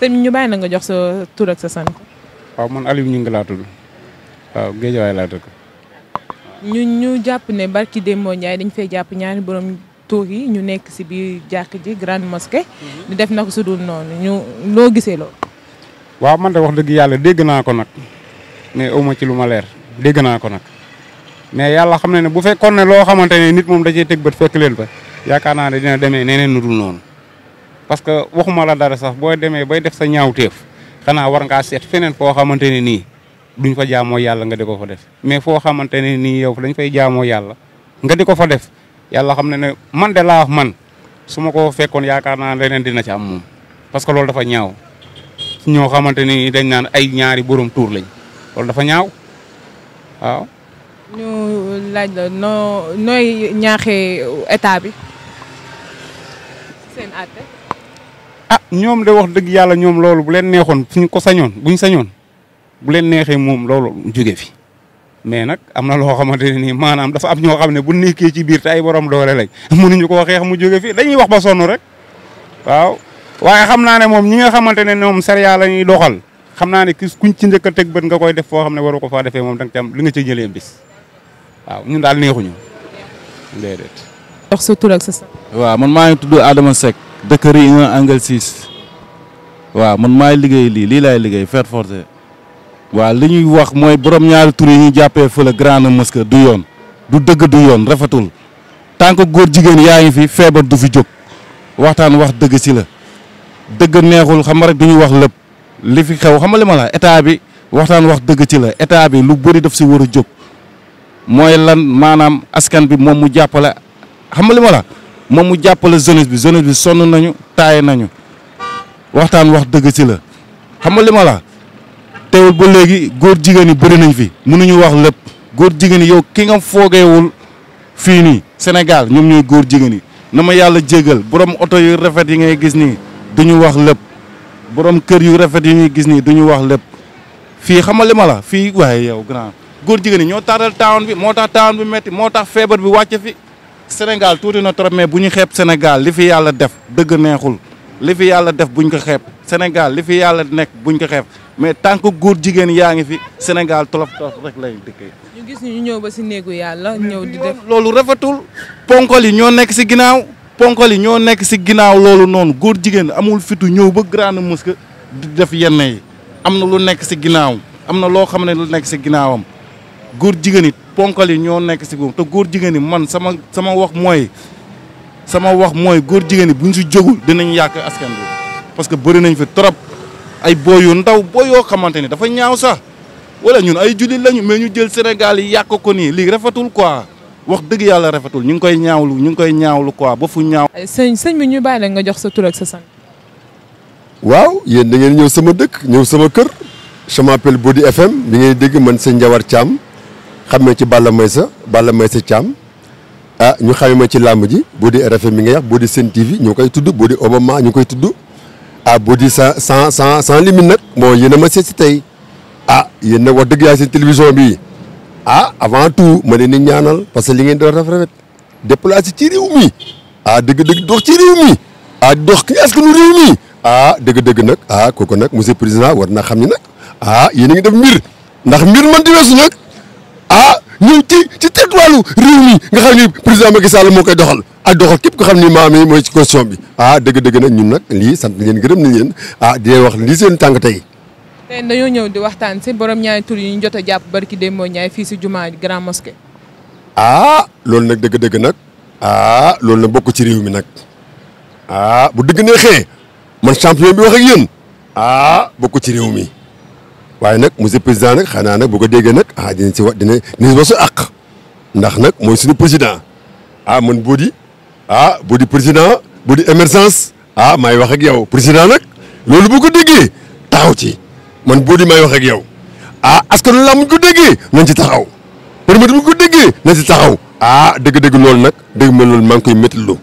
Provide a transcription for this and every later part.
sëñ ñu bàyyi la nga jox sa tur ak sa sant. waaw man Aliou ñu ngi laa tudd waaw Géejawaay laa dëkk. ñu ñu jàpp ne barki Demba Ndiaye dañ fay jàpp ñaari borom tuur yi ñu nekk si biir jàkk ji grande mosquée. di mhm. def na ko su dul noonu ñu loo gisee loolu. waaw man de wax dëgg yàlla dégg naa ko nag mais awma ci lu ma leer dégg naa ko nag mais yàlla xam na ne bu fekkoon ne loo xamante ne nit moom da cee bët fekk leen ba yaakaar naa ne dina demee neeneen nu dul noonu. parce que waxuma la dara sax boo demee bay def sa ñaawteef xanaa war ngaa seet feneen foo xamante ne nii duñ fa jaamoo yàlla nga di ko fa def mais foo xamante ne nii yow dañ fay jaamoo yàlla nga di ko fa def yàlla xam ne ne man de laa wax man su ma ko fekkoon yaakaar naa leneen dina ci am moom parce que loolu dafa ñaaw ñoo xamante ni dañ naan ay ñaari borom tuur lañ loolu dafa ñaaw waaw. ñu laaj la nooy ñaaxee état bi ah ñoom de wax dëgg yàlla ñoom loolu bu leen neexoon suñ ko sañoon buñ sañoon bu leen neexee moom loolu jóge fi mais nag am na loo xamante ne nii maanaam dafa am ñoo xam ne bu nekkee ci biir te ay borom doole lañ mënuñu ko xeex mu jóge fi dañuy wax ba sonn rek waaw waaye xam naa ne moom ñi nga xamante ne ñoom sariya la ñuy doxal xam naa ne ki kuñ ci njëkka teg bët nga koy def foo xam ne waru ko faa defee moom danga ci am li nga ci jëlee bis waaw ñun daal neexuñu déedéet. wax sa tur ak sa sant. waaw man maa ngi tudd Adama Seck. dëkk rue 1 angle 6 waaw man maay liggéey lii lii lay liggéey faire forcer waaw li ñuy wax mooy borom ñaari tur yi ñu jàppee fële grande mosquée du yoon du dëgg du yoon rafetul tant que góor jigéen yaa ngi fi feebar du fi jóg waxtaan wax dëgg si la dëgg neexul xam nga rek du wax lépp li fi xew xam nga état bi waxtaan wax dëgg ci la état bi lu bëri daf si war a jóg mooy lan maanaam askan bi moom mu jàppale xam nga li ma moom mu jàppale jeunesse bi jeunesse bi sonn nañu taay nañu waxtaan wax dëgg ci la xam nga li ma teewul ba léegi góor jigéen yi bëri nañ fi mënuñu wax lépp góor jigéen yow ki nga foogeewul fii nii senegal ñoom ñooy góor jigéen yi na ma yàlla jégal borom oto yu rafet yi ngay gis nii duñu wax lépp borom kër yu rafet yi ñuy gis nii duñu wax lépp fii xam nga li ma la fii waaye yow grand góor jigéen yi ñoo taaral town bi moo tax town bi metti moo tax feebar bi wàcc Sénégal tuuti na trop mais bu ñu xeeb Sénégal li fi yàlla def dëgg neexul li fi yàlla def bu buñ ko xeeb Sénégal li fi yàlla nekk bu buñ ko xeeb mais tant que góor jigéen yaa ngi fi Sénégal tolof tolof rek lay dëkkee. gis ñu ñëw ba si néegu yàlla di def loolu rafetul ponkol yi ñoo nekk si ginnaaw ponkol yi ñoo nekk si ginnaaw loolu noonu góor jigéen amul fitu ñëw ba grande mosquée di def yenn yi am na lu nekk si ginnaaw am na loo xam ne lu nekk si ginnaawam. góor jigéen it ponkal yi ñoo nekk si góor te góor jigéen yi man sama sama wax mooy sama wax mooy góor jigéen yi bu ñu si jógul dinañ yàq askan bi parce que bëri nañ fi trop ay booy yu ndaw booy yoo xamante ni dafa ñaaw sax wala ñun ay jullit lañu mais ñu jël Sénégal yi yàq ko nii lii rafetul quoi wax dëgg yàlla rafetul ñu ngi koy ñaawlu ñu ngi koy ñaawlu quoi ba fu ñaaw. sëñ sëñ bi ñu bàyyi la nga jox sa tur ak sa sant. waaw yéen da ngeen ñëw sama dëkk ñëw sama kër je m'appelle Bodi FM bi dégg man sëñ Ndiawar Thiam. xam xamee ci Balla Meyssa Balla Meyssa Thiam ah ñu xamee ma ci làmb ji boo di RFM mi nga yax boo di Sen TV ñu ngi koy tudd boo di Obama ñu ngi koy tudd a ah, boo di sans sans sans sans limite nag moo yéen a ma seet si tey ah yéen nag wax dëgg yaay seen télévision bi ah avant tout ma leen di ñaanal parce que li ngeen doon rafet déplacé ci réew mi ah dëgg-dëgg dox ci réew mi ah dox ki askanu réew mi ah dëgg-dëgg nag a ah, kooku nag monsieur président war na xam ni nag ah yéen a ngi def mbir ndax mbir man di weesu nag ah ñu ci ci territoire réew mi nga xam ni président moo koy doxal ak doxal képp ko xam ni maam yi mooy ci constitution bi ah dëgg-dëgg nag ñun nag lii sant nañ leen gërëm nañ leen ah di wax lii seen tànk tey. tey dañoo ñëw di waxtaan si borom ñaari tur yi ñu jot a jàpp barki Demba Ndiaye fii si jumaa Grand Mosquée. ah loolu nag dëgg-dëgg nag. ah loolu nag bokk ci réew mi nag. ah bu dëgg neexee man champion bi wax ak yéen. ah bokk ci réew mi. waaye nag monsieur président nag xanaa nag bu ko déggee nag ah dinañ si wa dinañ dinañ wasu àq ndax nag mooy suñu président ah man boo di ah boo di président boo di émergence ah maay wax ak yow président nag loolu bu ko déggee taxaw ci man boo di maay wax ak yow ah askan wi laa muñ ko déggee nañ ci taxaw périmètre bu ko déggee nañ si taxaw. ah dëgg-dëgg loolu nag dégg ma loolu maa ngi koy méttilu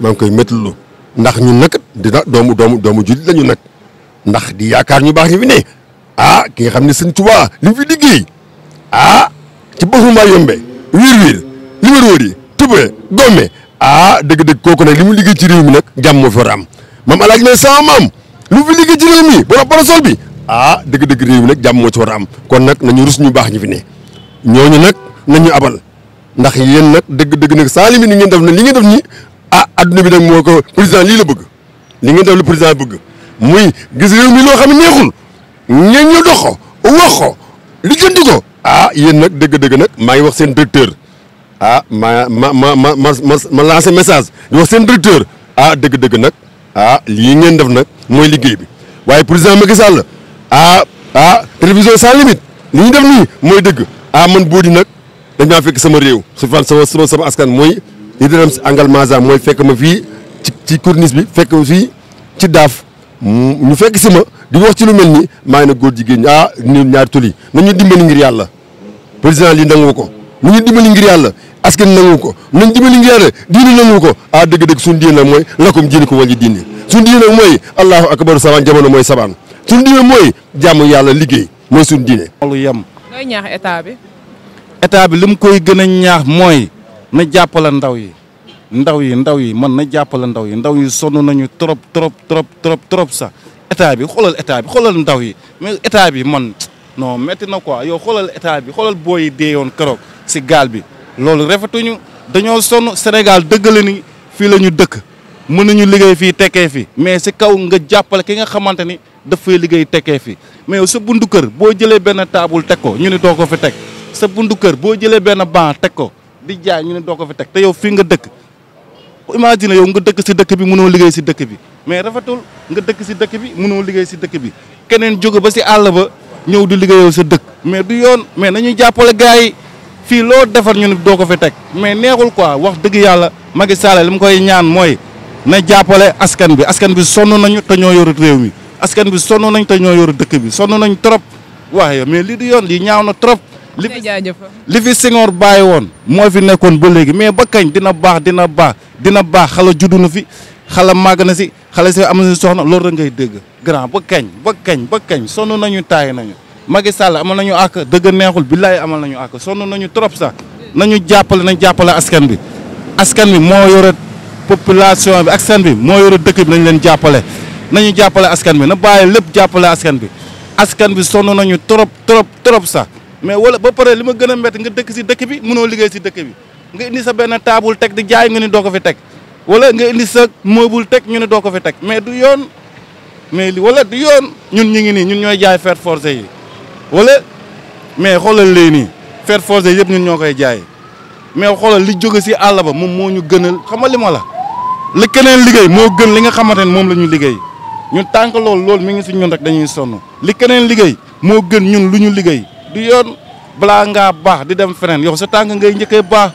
maa ngi koy méttilu ndax ñu nag dina doomu doomu doomu jullit lañu nag ndax di yaakaar ñu baax ñu fi ne ah ki nga xam ne sëñ Tuubaa li mu fi liggéey ah ci boppam maa yombe wiir wiir li wër wër yi tubé gomme ah dëgg-dëgg kooku nag li mu liggéey ci réew mi nag jàmm moo fi war a am maam alaaj ne sama lu mu fi liggéey ci réew mi borom parasol bi ah dëgg-dëgg réew mi nag jàmm moo ci war a am kon nag ñu rus ñu baax ñu fi ne ñooñu nag nañu abal ndax yéen nag dëgg-dëgg nag saa limi ni ngeen def na li ngeen def ni ah adduna bi nag moo ko président lii la bëgg li ngeen def la bëgg muy gis réew loo xam ne neexul ña ñu dox ko wax ko li jënd ko ah yéen nag dëgg-dëgg nag maa ngi wax seen directeur ah ma ma ma ma ma ma lancé message di wax seen directeur ah dëgg-dëgg nag ah lii ngeen def nag mooy liggéey bi waaye président ma Sall ah ah télévision sans limite li ñu def nii mooy dëgg ah man boo di nag dañ maa fekk sama réew su fan sama askan mooy li dana am si Angalmasa mooy fekk ma fii ci ci corniche bi fekk ma fii ci daaf ñu fekk si ma. di wax ci lu mel ni maa ngi ne góor jigéen ñi ah ñun ñaari tol yi nañu dimbali ngir yàlla président lii nangu ko nañu dimbali ngir yàlla askan nangu ko nañ dimbali ngir yàlla diini nangu ko ah dëgg-dëgg suñu diine nag mooy lakum diinukum waliya diin suñu diine nag mooy allahu akbaru sabaan jamono mooy sabaan suñu diine mooy jàmm yàlla liggéey mooy suñu diine loolu yem looy ñaax état bi état bi li koy gën ñaax mooy na jàppale ndaw yi ndaw yi ndaw yi man na jàppale ndaw yi ndaw yi sonn nañu trop trop trop trop trop sax état bi xoolal état bi xoolal ndaw yi mais état bi man noo métti na quoi yow xoolal état bi xoolal booy yi dee yoon keroog si gaal bi loolu rafetuñu dañoo sonn Sénégal dëggale la ni fii la ñu dëkk mën nañu liggéey fii tekkee fi mais si kaw nga jàppale ki nga xamante ni dafay liggéey tekkee fi mais yow sa buntu kër boo jëlee benn taabul teg ko ñu ne doo ko fi teg sa buntu kër boo jëlee benn banc teg ko di jaay ñu ne doo ko fi teg te yow fii nga dëkk imagine yow nga dëkk si dëkk bi mënoo liggéey si dëkk bi mais rafetul nga dëkk si dëkk bi mënoo liggéey si dëkk bi keneen jóge ba si àll ba ñëw di liggéeyoo sa dëkk mais du yoon mais nañuy jàppale gars yi fii loo defar ñu ne doo ko fi teg mais neexul quoi wax dëgg yàlla Macky Sall li mu koy ñaan mooy na jàppale askan bi askan bi sonn nañu te ñoo yor réew mi askan bi sonn nañ te ñoo yor dëkk bi sonn nañ trop waaye mais li du yoon lii ñaaw na trop li fi Senghor bàyyi woon moo fi nekkoon ba léegi mais ba kañ dina baax dina baax dina baax xala juddu na fi xala màgg na si xale si am na soxna loolu rek ngay dégg grand ba keñ ba keñ ba kañ sonn nañu taay nañu Macky Sall amal nañu àq dëgg neexul billaay amal nañu àq sonn nañu trop sax nañu jàppale nañ jàppale askan bi askan bi moo yore population bi askan bi moo yore dëkk nañ leen jàppale nañu jàppale askan bi na bàyyi lépp jàppale askan bi askan bi sonn nañu trop trop trop sax mais wala ba pare li ma gën a métti nga dëkk si dëkk bi mënoo liggéey si dëkk bi nga indi sa benn taabul teg di jaay nga ni doo ko fi teg wala nga indi sa meuble teg ñu ne doo ko fi teg mais du yoon mais li wala du yoon ñun ñu ngi nii ñun ñooy jaay fer forcé yi wala mais xoolal léegi nii fer forcé yëpp ñun ñoo koy jaay mais xoolal li jóge si àll ba moom moo ñu gënal xam nga li ma la li keneen liggéey moo gën li nga xamante ne moom la ñu liggéey ñu tànk loolu loolu mi ngi si ñun rek dañuy sonn li keneen liggéey moo gën ñun lu ñu liggéey du yoon balaa ngaa baax di dem feneen yow sa tànk ngay njëkkee baax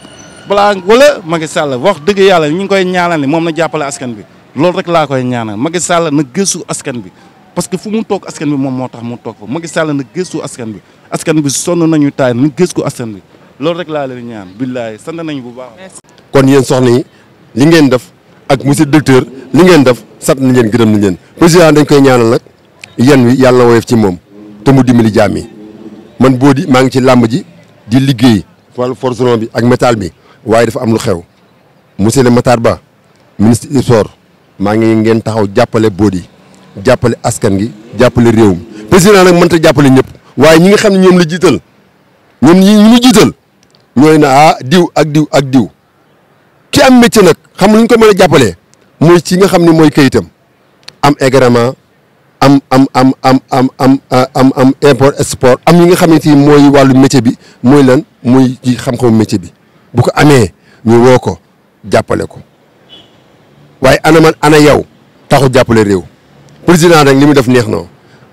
balaa wala Macky Sall wax dëgg yàlla ñu ngi koy ñaanal ne moom na jàppale askan bi loolu rek laa koy ñaanal Macky Sall na gëstu askan bi parce que fu mu toog askan bi moom moo tax mu toog fa Macky Sall na gëstu askan bi askan bi sonn nañu taay na gëstu askan bi loolu rek laa leen ñaan billaay sant nañu bu baax. kon yéen soxna yi li ngeen def ak monsieur docteur li ngeen def sant nañ gërëm nañ leen président dañ koy ñaanal nag yéen wi yàlla na woyof ci moom te mu dimbali jaam yi man boo di maa ngi ci làmb ji di liggéey wàllu forgeron bi ak métal bi. waaye dafa am lu xew monsieur le Matar Ba ministre du maa ngi ngeen taxaw jàppale boodi jàppale askan gi jàppale réew mi président nag mënta jàppale ñëpp waaye ñi nga xam ne ñoom la jiital ñoom ñi ñu jiital ñooy na ah, diw ak diw ak diw ki am métier nag xam ko mën a jàppalee mooy ci nga xam ni mooy kayitam am agrément am am am am am am am am import export am yi nga xamante ni mooy wàllu métier bi mooy lan mooy ci xam-xamu métier bi bu ko amee ñu woo ko jàppale ko waaye ana man ana yow taxu jàppale réew président rek li mu def neex na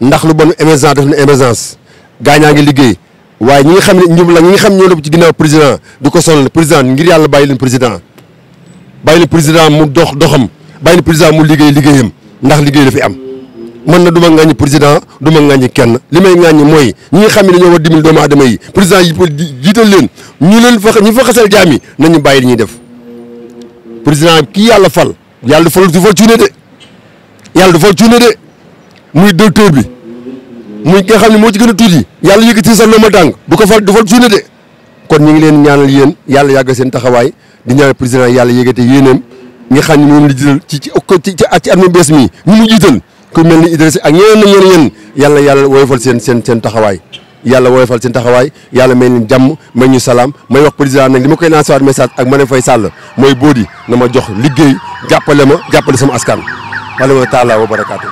ndax lu bon émergence def na émergence gaañaa ngi liggéey waaye ñi nga xam ne ñoom la ñi nga xam ñoo ci ginnaaw président du ko sonal président ngir yàlla bàyyi leen président bàyyi leen président mu dox doxam bàyyi leen président mu liggéey liggéeyam ndax liggéey la fi am. mën na du ma ŋàññi président du ma ŋàññi kenn li may ŋàññi mooy ñi nga xam ne dañoo war dimbali doomu aadama yi président yi leen ñu leen fa ñu fa xasal jaam yi nañu bàyyi li ñuy def président kii yàlla fal yàlla du fal du fal de yàlla du fal cuune de muy docteur bi muy nga xam ne moo ci gën a tuuti yàlla yëkkati sa looma tàng du ko fal du fal cuune de kon ñu ngi leen ñaanal yéen yàlla yàgg seen taxawaay di ñaanal président yàlla yëkkati yéeneem nga xam ne moom la jiital ci ci ci at mi mi ñu mu jiital ku mel ni Idrissa ak ñeneen na ñeneen ñeneen yàlla yàlla woyofal seen seen seen taxawaay yàlla woyofal seen taxawaay yàlla may leen jàmm may ñu salaam may wax président nag li ma koy lancé waat message ak ma ne fay sàll mooy boodi na ma jox liggéey jàppale ma jàppale sama askan wala ma taala wa barakaatu